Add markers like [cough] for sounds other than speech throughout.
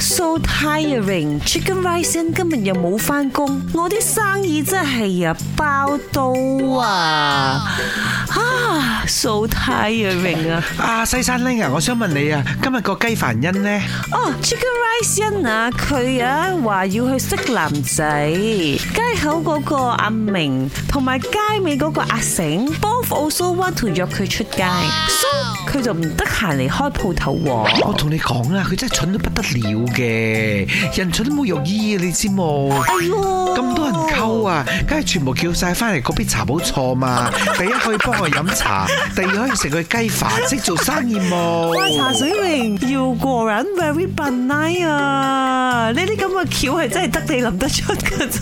So tiring，Chicken Rice Inn 今日又冇返工，我啲生意真係啊包到啊，啊，So tiring 啊！阿西山 ling 啊，我想問你啊，今日個雞凡恩呢？哦、oh，Chicken Rice Inn 啊，佢啊話要去識男仔，街口嗰個阿明同埋街尾嗰個阿成 Wow.，both also want to 約佢出街，所以佢 Wow. 就唔得閒嚟開鋪頭。我同你講啦，佢真係蠢到不得了。嘅人蠢都冇用意，你知冇？哎喲，咁多人溝啊，梗係全部叫晒翻嚟嗰杯茶冇錯嘛！第一可以幫我飲茶，第二可以食佢雞飯，識做生意冇？茶水榮要過人 very banana，呢啲咁嘅橋係真係得你諗得出噶咋？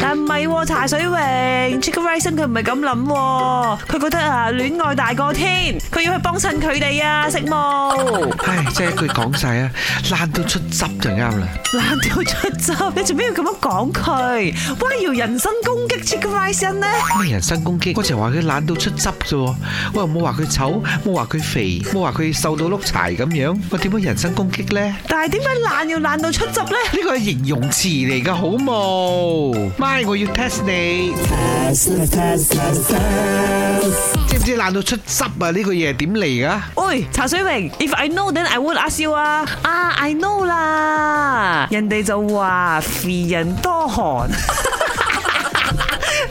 但唔係，茶水榮，Jack Rising 佢唔係咁諗，佢覺得啊，戀愛大過天，佢要去幫襯佢哋啊，識冇？係，即係一句講晒啊，爛到～出汁就啱啦，懶到出汁，你做咩要咁樣講佢？歪妖人身攻擊，trigger rising 咧？咩人身攻擊？我淨係話佢懶到出汁啫，我又冇話佢醜，冇話佢肥，冇話佢瘦到碌柴咁樣，我點樣人身攻擊咧？但係點解懶要懶到出汁咧？呢個係形容詞嚟噶，好冇？My，我要 test 你，test test test，知唔知懶到出汁啊？呢個嘢點嚟噶？哎，茶水榮，If I know then I would ask you 啊，啊，I know。啦，人哋就話肥人多汗。 [laughs]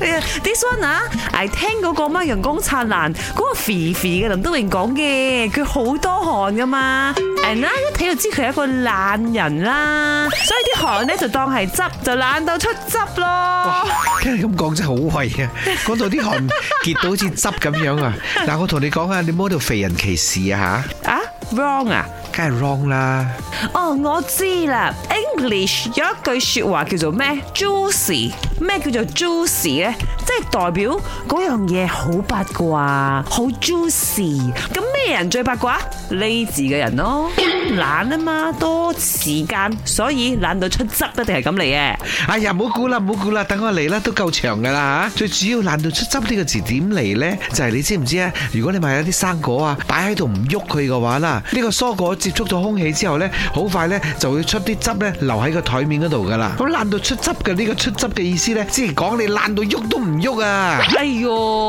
[laughs] This one 啊，我聽嗰個咩陽光燦爛，嗰個肥肥嘅林德榮講嘅，佢好多汗噶嘛，嗱，一睇就知佢係一個懶人啦，所以啲汗咧就當係汁，就懶到出汁咯。哇，聽你咁講真好胃啊，講到啲汗結到好似汁咁樣啊。嗱，我同你講啊，你摸到肥人歧視啊吓？啊，wrong 啊！梗係 wrong 啦！哦，oh, 我知啦，English 有一句說話叫做咩 juicy？咩叫做 juicy 咧？即係代表嗰樣嘢好八卦，好 juicy。咁咩人最八卦？Lady 嘅人咯。懶啊嘛，多時間，所以懶到出汁一定係咁嚟嘅。哎呀，唔好估啦，唔好估啦，等我嚟啦，都夠長噶啦。最主要懶到出汁呢、這個字點嚟呢？就係、是、你知唔知咧？如果你買咗啲生果啊，擺喺度唔喐佢嘅話啦，呢、這個蔬果接觸到空氣之後呢，好快呢就會出啲汁呢，留喺個台面嗰度噶啦。咁懶到出汁嘅呢、這個出汁嘅意思呢，即係講你懶到喐都唔喐啊。哎喲。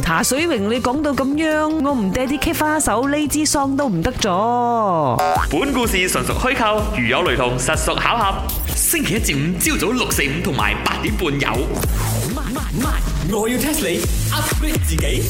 茶水榮，你講到咁樣，我唔嗲啲 k 花手呢支桑都唔得咗。本故事純屬虛構，如有雷同，實屬巧合。星期一至五朝早六四五同埋八點半有。My, my, my, 我要 test 你 My. upgrade 自己。